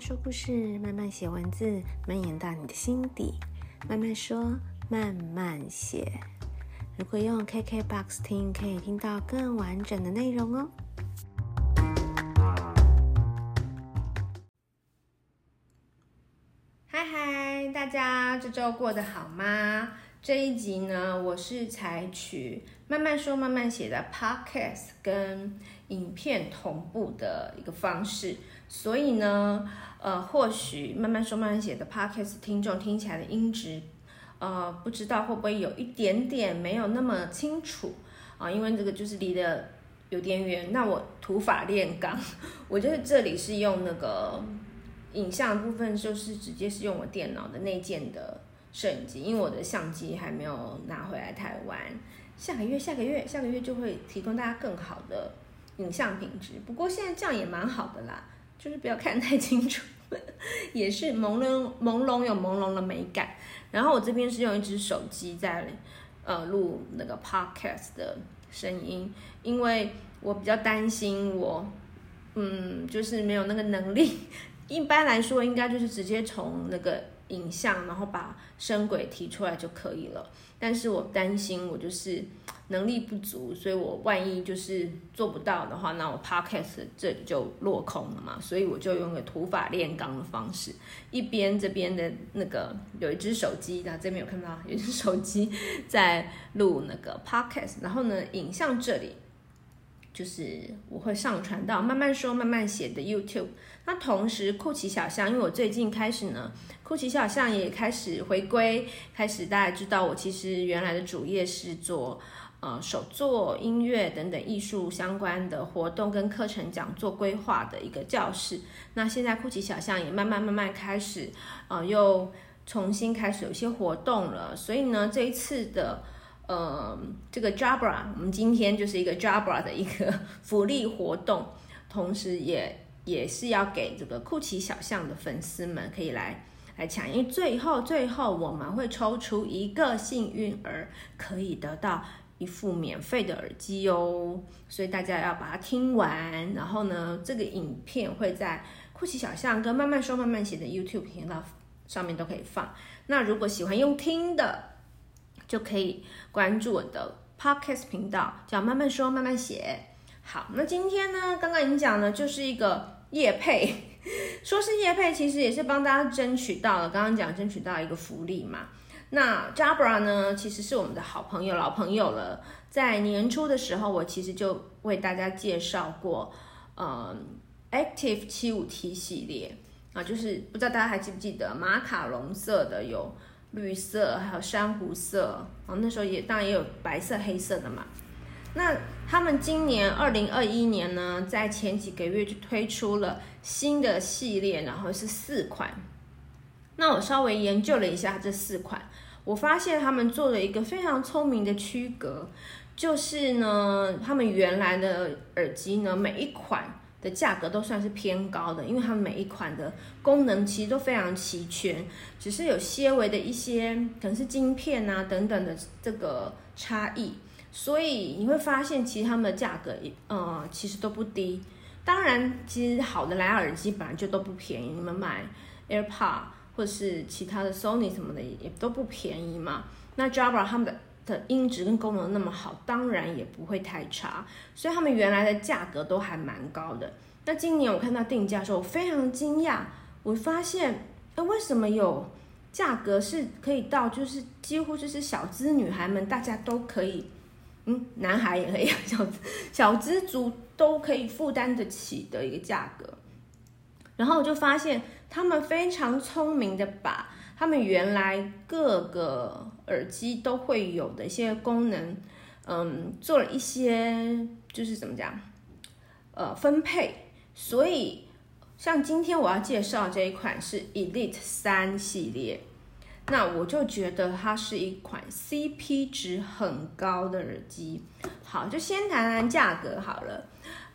說故事，蔓蔓寫文字，蔓延到你的心底。蔓蔓說，蔓蔓寫。如果用 KKBOX 聽，可以聽到更完整的內容哦。嗨嗨，大家這周過得好嗎？這一集呢，我是採取蔓蔓說、蔓蔓寫的 podcast 跟影片同步的一個方式，所以呢。呃，或許慢慢說慢慢寫的 podcast 聽眾聽起來的音質，呃，不知道會不會有一點點沒有那麼清楚啊？因為這個就是離得有點遠。那我土法煉鋼，我覺得這裡是用那個影像部分，就是直接是用我電腦的內建的攝影機，因為我的相機還沒有拿回來台灣。下個月，下個月，下個月就會提供大家更好的影像品質。不過現在這樣也蠻好的啦。就是不要看太清楚，也是朦朧朦朧，有朦朧的美感。然後我這邊是用一支手機在，呃，錄那個 podcast 的聲音，因為我比較擔心我，嗯，就是沒有那個能力。一般來說，應該就是直接從那個。影像，然後把聲軌提出來就可以了。但是我擔心我就是能力不足，所以我萬一就是做不到的話，那我 podcast 這裡就落空了嘛。所以我就用個土法煉鋼的方式，一邊這邊的那個有一隻手機，啊，這邊有看到有一隻手機在錄那個 podcast，然後呢，影像這裡。就是我會上傳到慢慢說慢慢寫的 YouTube。那同時，酷奇小象，因為我最近開始呢，酷奇小象也開始回歸，開始大家知道我其實原來的主業是做呃手作、音樂等等藝術相關的活動跟課程講座規劃的一個教室。那現在酷奇小象也慢慢慢慢開始，呃，又重新開始有些活動了。所以呢，這一次的。呃、嗯，這個 Jabra，我們今天就是一個 Jabra 的一個福利活動，同時也也是要給這個酷奇小象的粉絲們可以來來搶，因為最後最後我們會抽出一個幸運兒，可以得到一副免費的耳機哦。所以大家要把它聽完，然後呢，這個影片會在酷奇小象跟蔓蔓說蔓蔓寫的 YouTube 頻道上面都可以放。那如果喜歡用聽的，就可以關注我的 podcast 頻道，這樣慢慢說，慢慢寫。好，那今天呢，剛剛已經講了，就是一個業配，說是業配，其實也是幫大家爭取到了。剛剛講爭取到一個福利嘛。那 Jabra 呢，其實是我們的好朋友、老朋友了。在年初的時候，我其實就為大家介紹過，嗯、呃，Active 七五 T 系列啊，就是不知道大家還記不記得，馬卡龍色的有。綠色還有珊瑚色，啊，那時候也當然也有白色、黑色的嘛。那他們今年二零二一年呢，在前幾個月就推出了新的系列，然後是四款。那我稍微研究了一下這四款，我發現他們做了一個非常聰明的區隔，就是呢，他們原來的耳機呢，每一款。的價格都算是偏高的，因為他們每一款的功能其實都非常齊全，只是有些微的一些可能是晶片啊等等的這個差異，所以你會發現其實他們的價格也呃、嗯、其實都不低。當然，其實好的藍牙耳機本來就都不便宜，你們買 AirPods 或是其他的 Sony 什麼的也都不便宜嘛。那 Jabra 他們的的音質跟功能那麼好，當然也不會太差，所以他們原來的價格都還蠻高的。那今年我看到定價的時候，我非常驚訝，我發現，誒、呃，為什麼有價格是可以到，就是幾乎就是小資女孩們大家都可以，嗯，男孩也可以，小資小資族都可以負擔得起的一個價格？然後我就發現，他們非常聰明的把。他們原來各個耳機都會有的一些功能，嗯，做了一些就是怎麼講，呃，分配。所以像今天我要介紹這一款是 Elite 3系列，那我就覺得它是一款 CP 值很高的耳機。好，就先談談價格好了。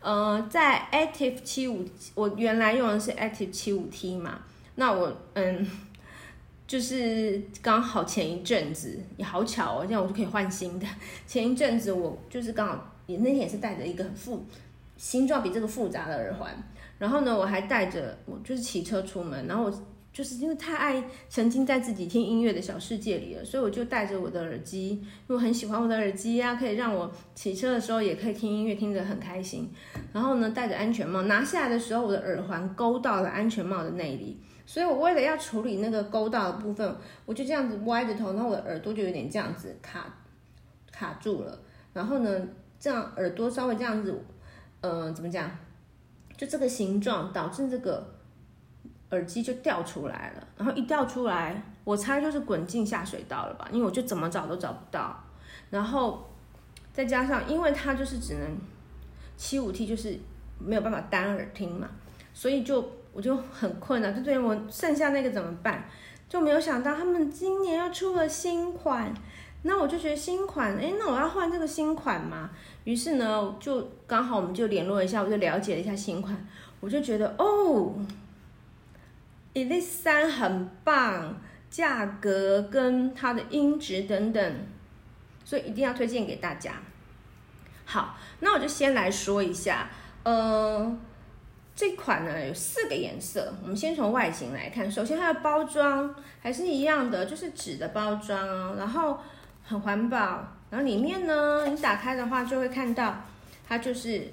呃，在 Active 75，我原來用的是 Active 75T 嘛，那我嗯。就是剛好前一陣子，也好巧哦，這樣我就可以換新的。前一陣子我就是剛好，也那天也是戴着一個很複形狀比這個複雜的耳環，然後呢，我還戴着我就是騎車出門，然後我就是因為太愛沉浸在自己聽音樂的小世界裡了，所以我就戴着我的耳機，因為我很喜歡我的耳機呀、啊，可以讓我騎車的時候也可以聽音樂，聽着很開心。然後呢，戴着安全帽，拿下來的時候，我的耳環勾到了安全帽的內裡。所以我為了要處理那個勾到的部分，我就這樣子歪着頭，那我的耳朵就有點這樣子卡卡住了。然後呢，這樣耳朵稍微這樣子，嗯、呃，怎麼講？就這個形狀導致這個耳機就掉出來了。然後一掉出來，我猜就是滾進下水道了吧？因為我就怎麼找都找不到。然後再加上，因為它就是只能七五 T，就是沒有辦法單耳聽嘛，所以就。我就很困了，啊、就對，對，我剩下那個怎麼辦？就沒有想到他們今年要出了新款，那我就覺得新款，哎，那我要換這個新款嗎？於是呢，就剛好我們就聯絡一下，我就了解了一下新款，我就覺得哦 Elite 3很棒，價格跟它的音質等等，所以一定要推薦給大家。好，那我就先來說一下，呃。這款呢有四個顏色，我們先從外形來看。首先它的包裝還是一樣的，就是紙的包裝哦，然後很環保。然後裡面呢，你打開的話就會看到，它就是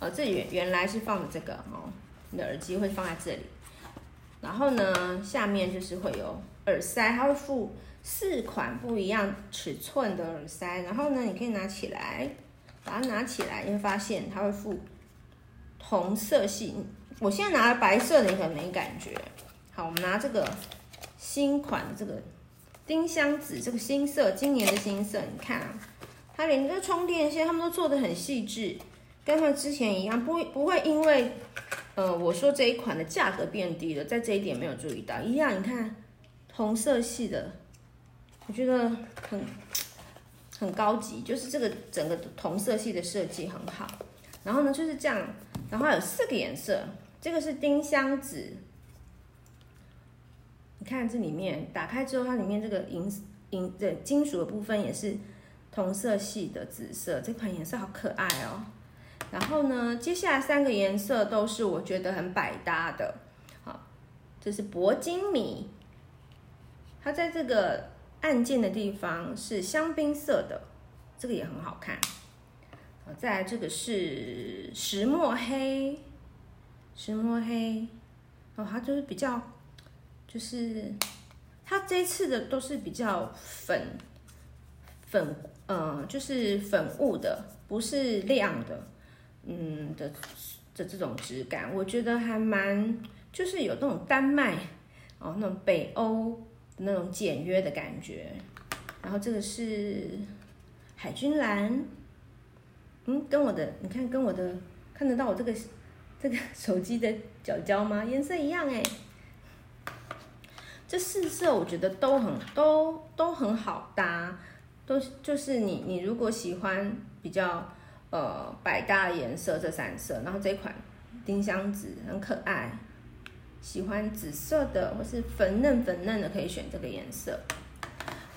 呃，這裡原來是放的這個哦，你的耳機會放在這裡。然後呢，下面就是會有耳塞，它會附四款不一樣尺寸的耳塞。然後呢，你可以拿起來，把它拿起來，你會發現它會附。同色系，我現在拿白色的，也很沒感覺。好，我們拿這個新款，這個丁香紫，這個新色，今年的新色，你看啊，它連這個充電線，他們都做得很細緻，跟他們之前一樣，不不會因為，呃，我說這一款的價格變低了，在這一點沒有注意到，一樣。你看，同色系的，我覺得很很高級，就是這個整個同色系的設計很好。然後呢，就是這樣。然後還有四個顏色，這個是丁香紫。你看這裡面打開之後，它裡面這個銀銀的金屬的部分也是同色系的紫色。這款顏色好可愛哦。然後呢，接下來三個顏色都是我覺得很百搭的。好，這是鉑金米，它在這個按鍵的地方是香檳色的，這個也很好看。再來這個是石墨黑，石墨黑，哦，它就是比較，就是它這一次的都是比較粉粉，呃，就是粉霧的，不是亮的，嗯，的的，的這種質感，我覺得還蠻，就是有那種丹麥哦，那種北歐那種簡約的感覺。然後這個是海軍藍。嗯，跟我的你看，跟我的看得到我這個這個手機的角角嗎？顏色一樣哎、欸。這四色我覺得都很都都很好搭，都就是你你如果喜歡比較呃百搭的顏色，這三色，然後這款丁香紫很可愛，喜歡紫色的或是粉嫩粉嫩的可以選這個顏色。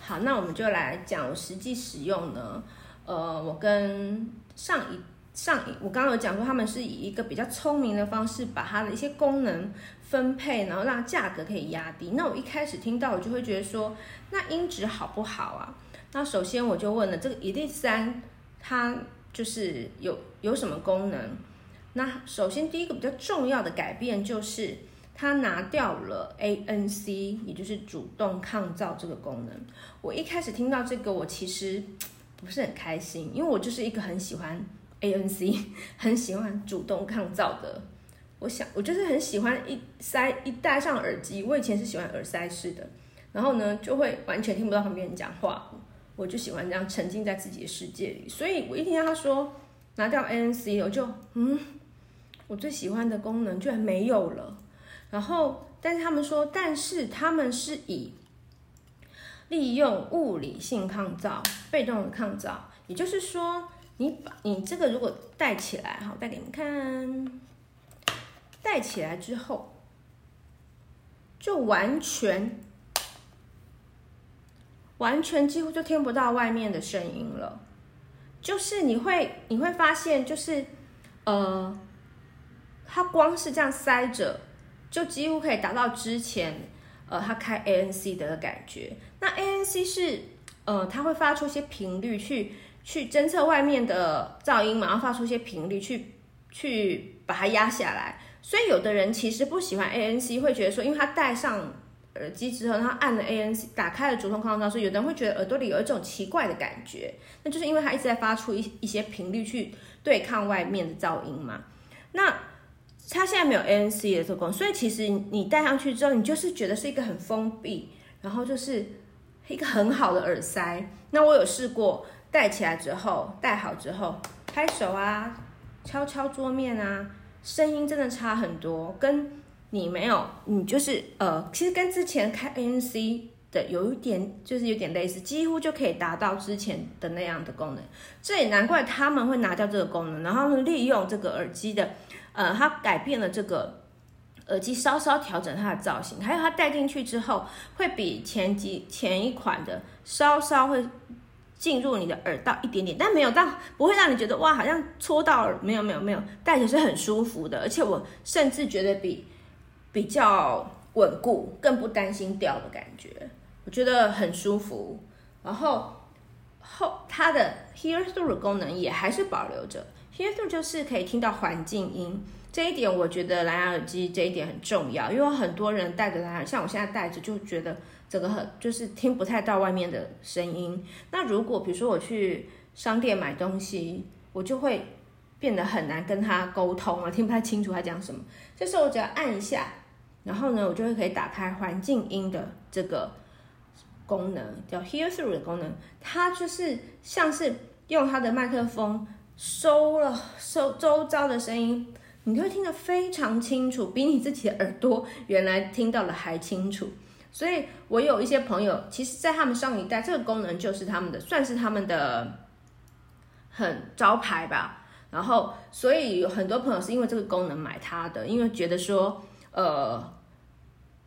好，那我們就來講我實際使用呢。呃，我跟上一上一，我剛剛有講過，他們是以一個比較聰明的方式，把它的一些功能分配，然後讓價格可以壓低。那我一開始聽到，我就會覺得說，那音質好不好啊？那首先我就問了，這個 Elite 3它就是有有什麼功能？那首先第一個比較重要的改變就是，它拿掉了 A N C，也就是主動抗噪這個功能。我一開始聽到這個，我其實。不是很開心，因為我就是一個很喜歡 ANC，很喜歡主動抗噪的。我想，我就是很喜歡一塞一戴上耳機。我以前是喜歡耳塞式的，然後呢就會完全聽不到旁邊人講話，我就喜歡這樣沉浸在自己的世界裡。所以我一聽到他說拿掉 ANC，我就嗯，我最喜歡的功能居然沒有了。然後，但是他們說，但是他們是以。利用物理性抗噪，被動的抗噪，也就是說，你把你這個如果戴起來，好，我戴給你們看，戴起來之後，就完全，完全幾乎就聽不到外面的聲音了。就是你會你會發現，就是，呃，它光是這樣塞着，就幾乎可以達到之前，呃，他開 ANC 的，的感覺，那 ANC 是，呃，它會發出一些頻率去去偵測外面的噪音嘛，然後發出一些頻率去去把它壓下來。所以有的人其實不喜歡 ANC，會覺得說，因為他戴上耳機之後，他按了 ANC 打開了主動抗噪之後，所以有的人會覺得耳朵裡有一種奇怪的感覺，那就是因為他一直在發出一一些頻率去對抗外面的噪音嘛。那它現在沒有 ANC 的這個功能，所以其實你戴上去之後，你就是覺得是一個很封閉，然後就是一個很好的耳塞。那我有試過戴起來之後，戴好之後，拍手啊，敲敲桌面啊，聲音真的差很多。跟你沒有，你就是呃，其實跟之前開 ANC 的有一點，就是有點類似，幾乎就可以達到之前的那樣的功能。這也難怪他們會拿掉這個功能，然後利用這個耳機的。呃、嗯，它改變了這個耳機，稍稍調整它的造型，還有它戴進去之後，會比前幾前一款的稍稍會進入你的耳道一點點，但沒有到，不會讓你覺得哇，好像戳到，沒有沒有沒有，戴着是很舒服的，而且我甚至覺得比比較穩固，更不擔心掉的感覺，我覺得很舒服。然後後它的 HearThrough 功能也還是保留着。Hear through 就是可以聽到環境音，這一點我覺得藍牙耳機這一點很重要，因為很多人戴着藍牙，像我現在戴着就覺得整個很，就是聽不太到外面的聲音。那如果比如說我去商店買東西，我就會變得很難跟他溝通啊，聽不太清楚他講什麼。這時候我只要按一下，然後呢，我就會可以打開環境音的這個功能，叫 Hear through 的功能，它就是像是用它的麥克風。收了收週遭的聲音，你就會聽得非常清楚，比你自己的耳朵原來聽到的還清楚。所以我有一些朋友，其實在他們上一代，這個功能就是他們的，算是他們的很招牌吧。然後，所以有很多朋友是因為這個功能買他的，因為覺得說，呃，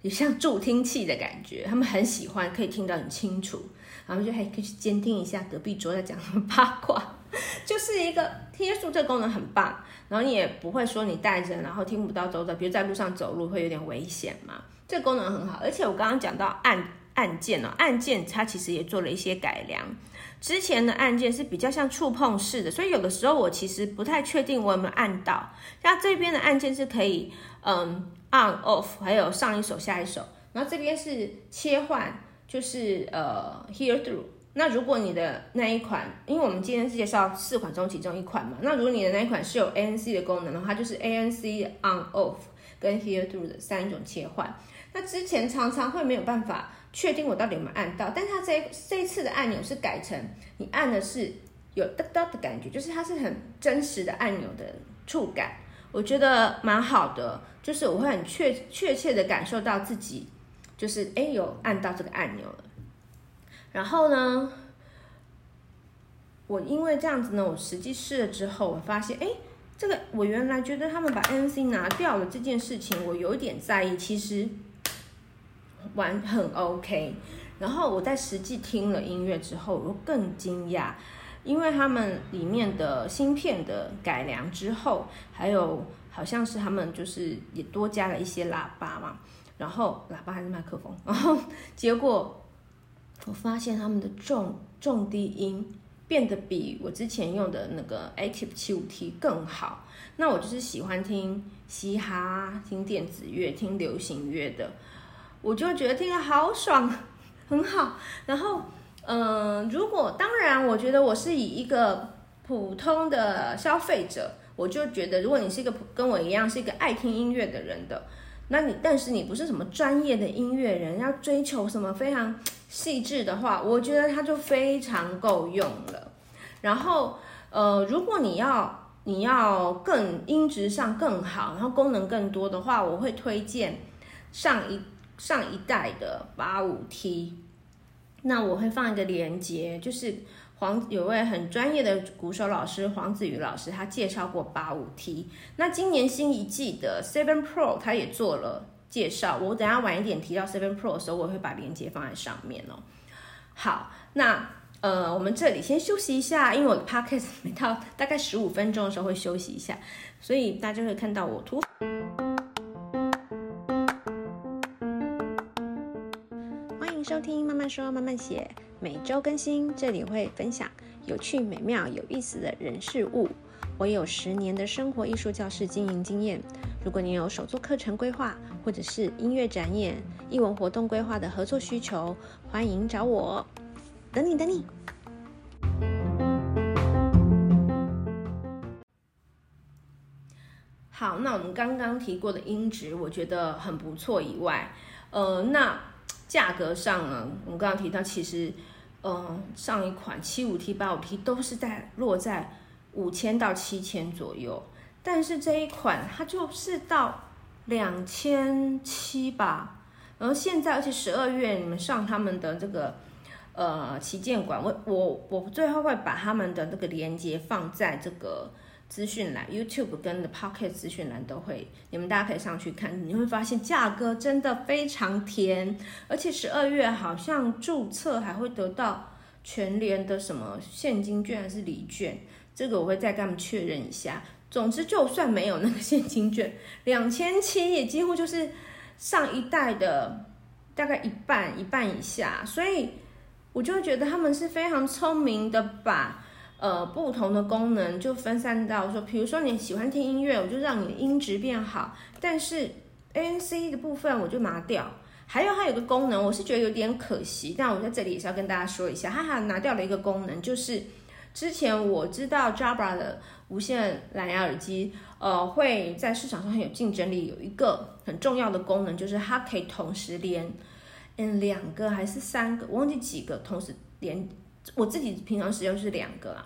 也像助聽器的感覺，他們很喜歡，可以聽得很清楚，然後就還可以去監聽一下隔壁桌在講什麼八卦。就是一個貼住，這個功能很棒，然後你也不會說你戴着然後聽不到周遭，比如在路上走路會有點危險嘛。這個功能很好，而且我剛剛講到按按鍵哦，按鍵它其實也做了一些改良。之前的按鍵是比較像觸碰式的，所以有的時候我其實不太確定我有沒有按到。那這邊的按鍵是可以，嗯，on off，還有上一首、下一首，然後這邊是切換，就是呃，hear through。那如果你的那一款，因為我們今天是介紹四款中其中一款嘛，那如果你的那一款是有 ANC 的功能的話，它就是 ANC on off 跟 hear through 的三種切換。那之前常常會沒有辦法確定我到底有沒有按到，但它這這一次的按鈕是改成你按的是有噠噠的感覺，就是它是很真實的按鈕的觸感，我覺得蠻好的，就是我會很確確切的感受到自己就是哎有按到這個按鈕了。然後呢，我因為這樣子呢，我實際試了之後，我發現，哎，這個我原來覺得他們把 ANC 拿掉了這件事情，我有點在意。其實玩，很 OK。然後我在實際聽了音樂之後，我更驚訝，因為他們裡面的芯片的改良之後，還有好像是他們就是也多加了一些喇叭嘛，然後喇叭還是麥克風，然後結果。我發現他們的重重低音變得比我之前用的那個 Active 75t 更好。那我就是喜歡聽嘻哈、聽電子樂、聽流行樂的，我就覺得聽着好爽，很好。然後，嗯、呃，如果當然，我覺得我是以一個普通的消費者，我就覺得如果你是一個跟我一樣是一個愛聽音樂的人的，那你但是你不是什麼專業的音樂人，要追求什麼非常。細緻的話，我覺得它就非常夠用了。然後，呃，如果你要你要更音質上更好，然後功能更多的話，我會推薦上一上一代的 85T。那我會放一個鏈接，就是黃有位很專業的鼓手老師黃子瑜老師，他介紹過 85T。那今年新一季的7 Pro，他也做了。介紹，我等下晚一點提到 Seven Pro 的時候，我會把鏈接放在上面哦。好，那呃，我們這裡先休息一下，因為我的 podcast 每到大概十五分鐘的時候會休息一下，所以大家就會看到我突。歡迎收聽《蔓蔓說，蔓蔓寫》，每周更新，這裡會分享有趣、美妙、有意思的人事物。我有十年的生活藝術教室經營經驗，如果你有手作課程規劃。或者是音樂展演、藝文活動規劃的合作需求，歡迎找我，等你等你。好，那我們剛剛提過的音質，我覺得很不錯以外，呃，那價格上呢，我們剛剛提到，其實，嗯，呃，上一款七五 T、八五 T 都是在落在五千到七千左右，但是這一款它就是到。兩千七吧，然後現在而且十二月你們上他們的這個，呃，旗艦館，我我我最後會把他們的這個鏈接放在這個資訊欄，YouTube 跟的 Pocket 資訊欄都會，你們大家可以上去看，你會發現價格真的非常甜，而且十二月好像註冊還會得到全聯的什麼現金券還是禮券，這個我會再跟他們確認一下。總之，就算沒有那個現金券，兩千七也幾乎就是上一代的大概一半，一半以下。所以我就覺得他們是非常聰明的把，把呃不同的功能就分散到說，比如說你喜歡聽音樂，我就讓你的音質變好，但是 ANC 的部分我就拿掉。還有它有個功能，我是覺得有點可惜，但我在這裡也是要跟大家說一下，哈哈，拿掉了一個功能，就是之前我知道 Jabra 的。無線藍牙耳機，呃，會在市場上很有競爭力。有一個很重要的功能，就是它可以同時連，嗯、欸，兩個還是三個，我忘記幾個同時連。我自己平常使用是兩個啦。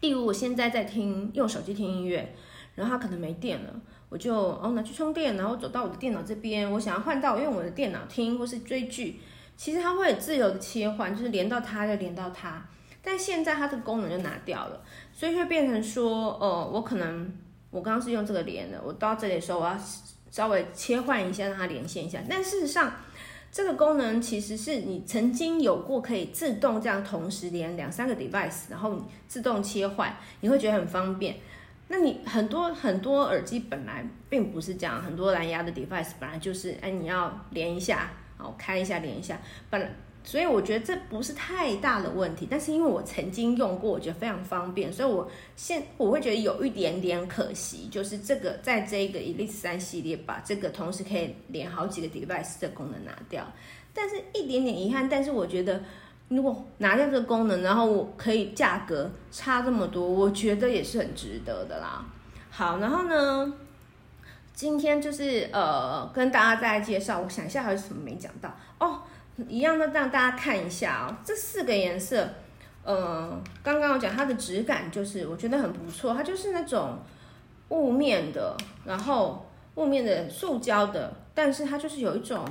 例如，我現在在聽用手機聽音樂，然後它可能沒電了，我就哦拿去充電，然後走到我的電腦這邊，我想要換到我用我的電腦聽或是追劇，其實它會自由的切換，就是連到它就連到它。但現在它這個功能就拿掉了。所以會變成說，呃，我可能我剛剛是用這個連的，我到這裡的時候我要稍微切換一下，讓它連線一下。但事實上，這個功能其實是你曾經有過可以自動這樣同時連兩三個 device，然後你自動切換，你會覺得很方便。那你很多很多耳機本來並不是這樣，很多藍牙的 device，本來就是，哎，你要連一下，哦，開一下，連一下，本來。所以我覺得這不是太大的問題，但是因為我曾經用過，我覺得非常方便，所以我現我會覺得有一點點可惜，就是這個在這個 Elite 3系列，把這個同時可以連好幾個 device 的功能拿掉，但是一點點遺憾。但是我覺得如果拿掉這個功能，然後我可以價格差這麼多，我覺得也是很值得的啦。好，然後呢，今天就是呃跟大家再來介紹，我想一下還有什麼沒講到哦。一樣的，讓大家看一下哦。這四個顏色，呃，剛剛我講它的質感就是我覺得很不錯，它就是那種霧面的，然後霧面的塑膠的，但是它就是有一種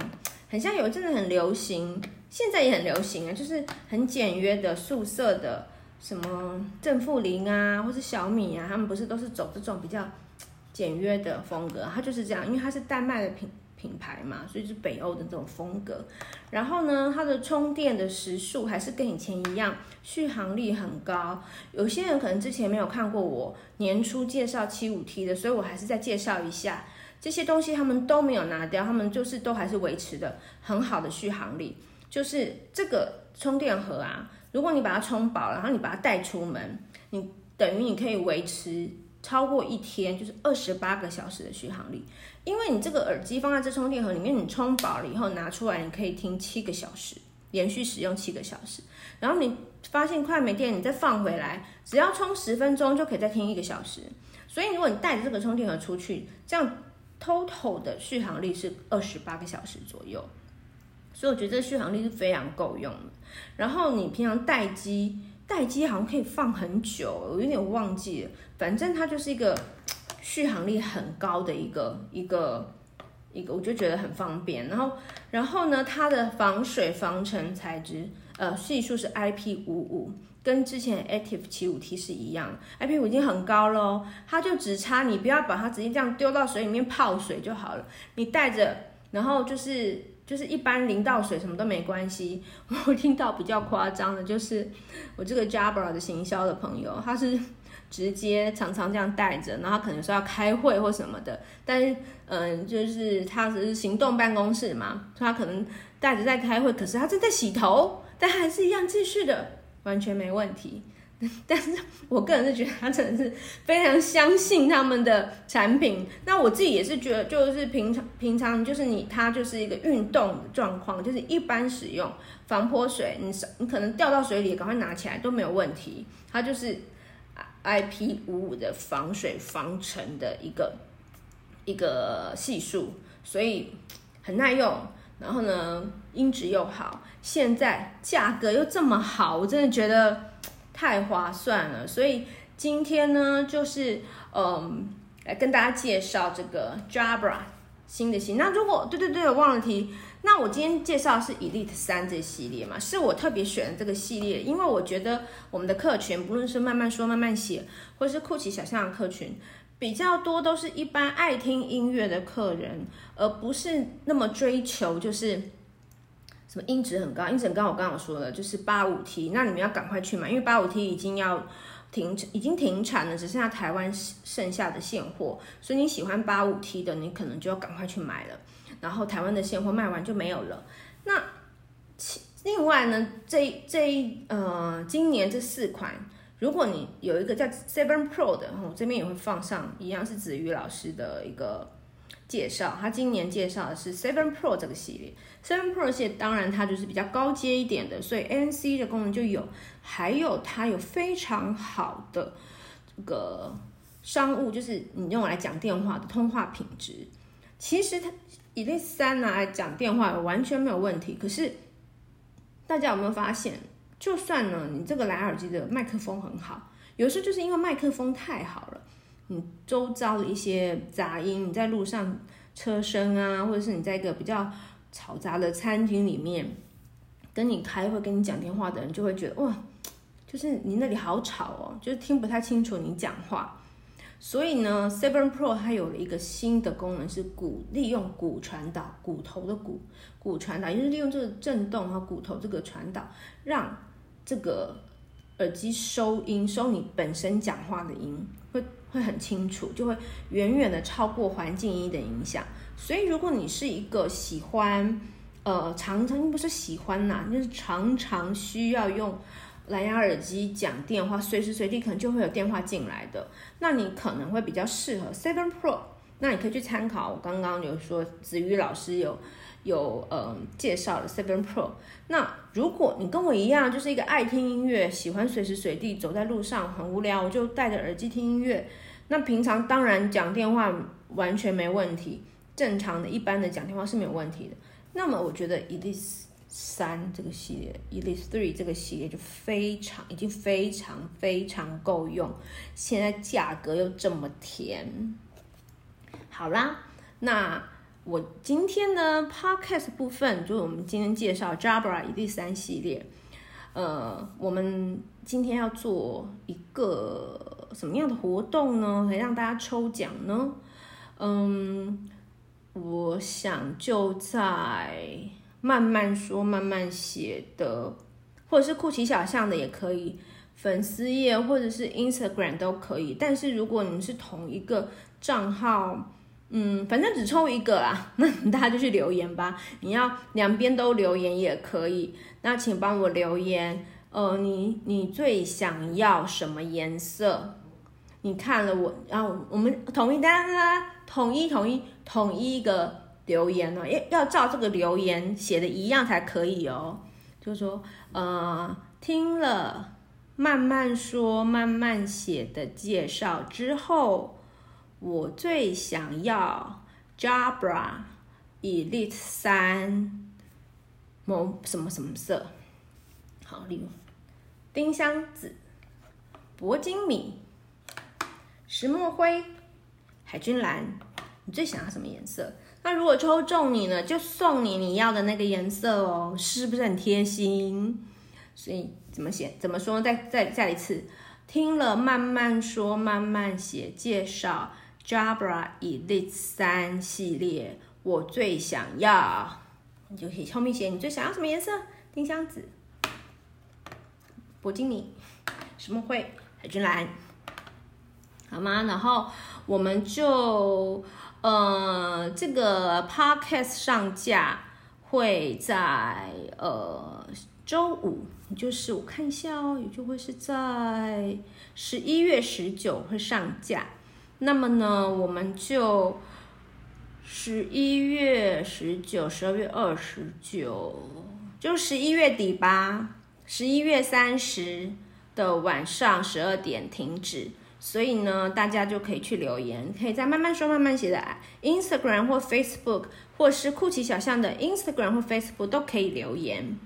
很像有一陣子很流行，現在也很流行啊，就是很簡約的素色的，什麼正負零啊，或是小米啊，他們不是都是走這種比較簡約的風格？它就是這樣，因為它是丹麥的品。品牌嘛，所以是北歐的這種風格。然後呢，它的充電的時數還是跟以前一樣，續航力很高。有些人可能之前沒有看過我年初介紹七五 T 的，所以我還是再介紹一下。這些東西他們都沒有拿掉，他們就是都還是維持的很好的續航力。就是這個充電盒啊，如果你把它充飽，然後你把它帶出門，你等於你可以維持超過一天，就是二十八個小時的續航力。因為你這個耳機放在這充電盒裡面，你充飽了以後拿出來，你可以聽七個小時，連續使用七個小時。然後你發現快沒電，你再放回來，只要充十分鐘就可以再聽一個小時。所以如果你帶着這個充電盒出去，這樣 total 的續航力是二十八個小時左右。所以我覺得這續航力是非常夠用的。然後你平常待機，待機好像可以放很久哦，我有點忘記了。反正它就是一個。續航力很高的一個一個一個，我就覺得很方便。然後然後呢，它的防水防塵材質，呃，係數是 IP55，跟之前 Active 75T 是一樣，IP5 已經很高咯，它就只差你不要把它直接這樣丟到水裡面泡水就好了。你戴着，然後就是就是一般淋到水什麼都沒關係。我聽到比較誇張的，就是我這個 Jabra 的行銷的朋友，他是。直接常常這樣戴著，然後他可能說要開會或什麼的，但是嗯，就是他只是行動辦公室嘛，他可能戴著在開會，可是他正在洗頭，但還是一樣繼續的，完全沒問題。但是我個人是覺得他真的是非常相信他們的產品。那我自己也是覺得，就是平常平常就是你他就是一個運動狀況，就是一般使用防潑水，你你可能掉到水裡，趕快拿起來都沒有問題，它就是。IP 五五的防水防塵的一個一個係數，所以很耐用。然後呢，音質又好，現在價格又這麼好，我真的覺得太划算了。所以今天呢，就是嗯，來跟大家介紹這個 Jabra 新的新。那如果對對對，忘了提。那我今天介紹的是 Elite 3這系列嘛，是我特別選的這個系列，因為我覺得我們的客群，不論是慢慢說、慢慢寫，或者是酷奇小象的客群，比較多都是一般愛聽音樂的客人，而不是那麼追求就是什麼音質很高。音質很高，我剛剛有說了，就是八五 T，那你們要趕快去買，因為八五 T 已經要停，已經停產了，只剩下台灣剩剩下的現貨，所以你喜歡八五 T 的，你可能就要趕快去買了。然後臺灣的現貨賣完就沒有了。那其另外呢，這這一呃，今年這四款，如果你有一個叫7 Pro 的，我這邊也會放上，一樣是子瑜老師的一個介紹。他今年介紹的是7 Pro 這個系列，7 Pro 系列當然它就是比較高階一點的，所以 ANC 的功能就有，還有它有非常好的這個商務，就是你用來講電話的通話品質。其實它 Elite 3拿，啊，來講電話完全沒有問題。可是大家有沒有發現，就算呢你這個藍牙耳機的麥克風很好，有時候就是因為麥克風太好了，你周遭的一些雜音，你在路上車聲啊，或者是你在一個比較嘈雜的餐廳裡面跟你開會，跟你講電話的人，就會覺得哇，就是你那裡好吵哦，就是聽不太清楚你講話。所以呢，7 Pro 它有了一個新的功能，是骨利用骨傳導，骨頭的骨骨傳導，就是利用這個震動和骨頭這個傳導，讓這個耳機收音收你本身講話的音會會很清楚，就會遠遠的超過環境音的影響。所以如果你是一個喜歡，呃，常常不是喜歡吶，就是常常需要用。藍牙耳機講電話，隨時隨地可能就會有電話進來的，那你可能會比較適合 Elite 7 Pro。那你可以去參考我剛剛，有說子瑜老師有有嗯、呃、介紹的 Elite 7 Pro。那如果你跟我一樣，就是一個愛聽音樂，喜歡隨時隨地走在路上很無聊，我就戴着耳機聽音樂。那平常當然講電話完全沒問題，正常的一般的講電話是沒有問題的。那麼我覺得 Elite。三這個系列 Elite 3這個系列就非常，已經非常非常夠用，現在價格又這麼甜，好啦，那我今天的 Podcast 部分就是我們今天介紹 Jabra Elite 3系列，呃，我們今天要做一個什麼樣的活動呢？來讓大家抽獎呢？嗯，我想就在。慢慢說，慢慢寫的，或者是酷奇小象的也可以，粉絲頁或者是 Instagram 都可以。但是如果你是同一個賬號，嗯，反正只抽一個啦，那大家就去留言吧。你要兩邊都留言也可以，那請幫我留言。呃，你你最想要什麼顏色？你看了我，啊，我們統一單啊，統一統一統一一個。留言哦，要要照這個留言寫的一樣才可以哦。就是說，呃，聽了慢慢說慢慢寫的介紹之後，我最想要 Jabra Elite 3某什麼什麼色。好，例如丁香紫、鉑金米、石墨灰、海軍藍。你最想要什麼顏色？那如果抽中你呢，就送你你要的那個顏色哦，是不是很貼心？所以怎麼寫？怎麼說？再再再一次聽了，蔓蔓說，蔓蔓寫。介紹 Jabra Elite 三系列，我最想要。你就可以後面寫你最想要什麼顏色？丁香紫、鉑金米、什麼灰、海軍藍，好嗎？然後我們就。呃，這個 podcast 上架會在呃週五，就是我看一下哦，也就會是在十一月十九會上架。那麼呢，我們就十一月十九、十二月二十九，就十一月底吧，十一月三十的晚上十二點停止。所以呢，大家就可以去留言，可以再慢慢說慢慢寫的 Instagram 或 Facebook，或是酷奇小象的 Instagram 或 Facebook 都可以留言，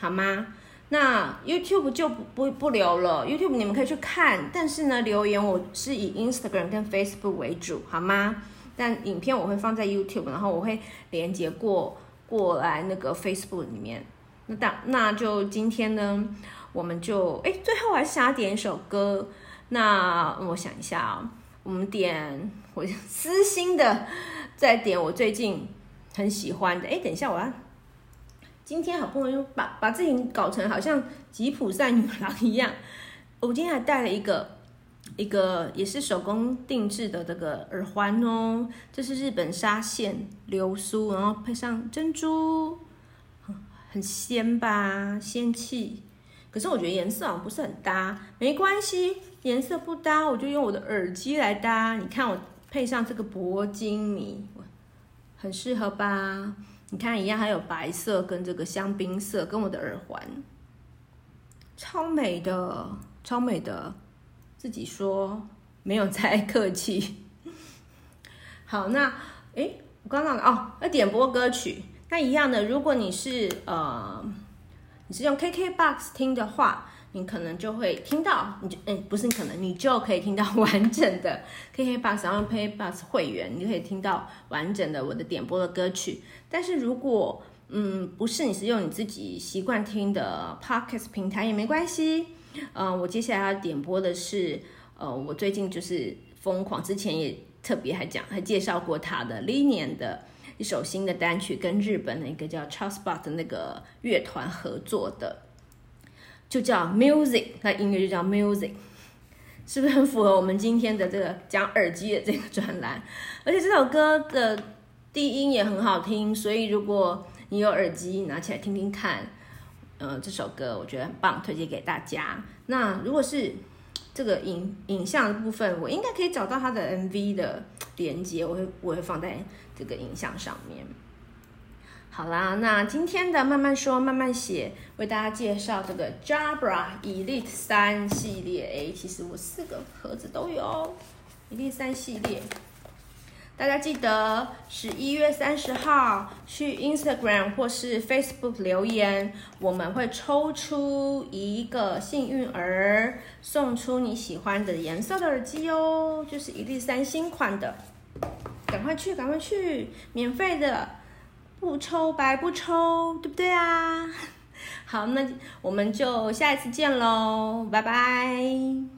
好嗎？那 YouTube 就不不不留了，YouTube 你們可以去看，但是呢，留言我是以 Instagram 跟 Facebook 為主，好嗎？但影片我會放在 YouTube，然後我會連接過過來那個 Facebook 裡面。那當那就今天呢，我們就哎最後還是要點一首歌。那我想一下哦，我們點我私心的，再點我最近很喜歡的。哎，等一下我、啊，我要今天好不容易把把自己搞成好像吉普賽女郎一樣。我今天還帶了一個一個也是手工定制的這個耳環哦，這是日本紗線流蘇，然後配上珍珠，很仙吧，仙氣。可是我覺得顏色好像不是很搭，沒關係，顏色不搭，我就用我的耳機來搭。你看我配上這個鉑金米，很適合吧？你看一樣，還有白色跟這個香檳色跟我的耳環，超美的，超美的，自己說沒有在客氣。好，那誒，我剛剛哦，那點播歌曲，那一樣的，如果你是呃。你是用 KKBOX 聽的話，你可能就會聽到，你就哎、嗯，不是，你可能你就可以聽到完整的 KKBOX。然後 用 KKBOX 會員，你就可以聽到完整的我的點播的歌曲。但是如果嗯，不是，你是用你自己習慣聽的 Podcast 平台也沒關係。嗯、呃，我接下來要點播的是，呃，我最近就是瘋狂，之前也特別還講還介紹過他的 LINION 的，一首新的單曲，跟日本的一個叫 chilldspot 的那個樂團合作的，就叫 Music。它音樂就叫 Music，是不是很符合我們今天的這個講耳機的這個專欄？而且這首歌的低音也很好聽，所以如果你有耳機，你拿起來聽聽看。嗯、呃，這首歌我覺得很棒，推薦給大家。那如果是這個影影像的部分，我應該可以找到它的 MV 的連接，我會我會放在這個影像上面。好啦，那今天的慢慢說慢慢寫，為大家介紹這個 Jabra Elite 三系列。誒，其實我四個盒子都有哦，Elite 三系列。大家記得十一月三十號去 Instagram 或是 Facebook 留言，我們會抽出一個幸運兒，送出你喜歡的顏色的耳機哦，就是 Elite 3系列款的，趕快去，趕快去，免費的，不抽白不抽，對不對啊？好，那我們就下一次見嘍，拜拜。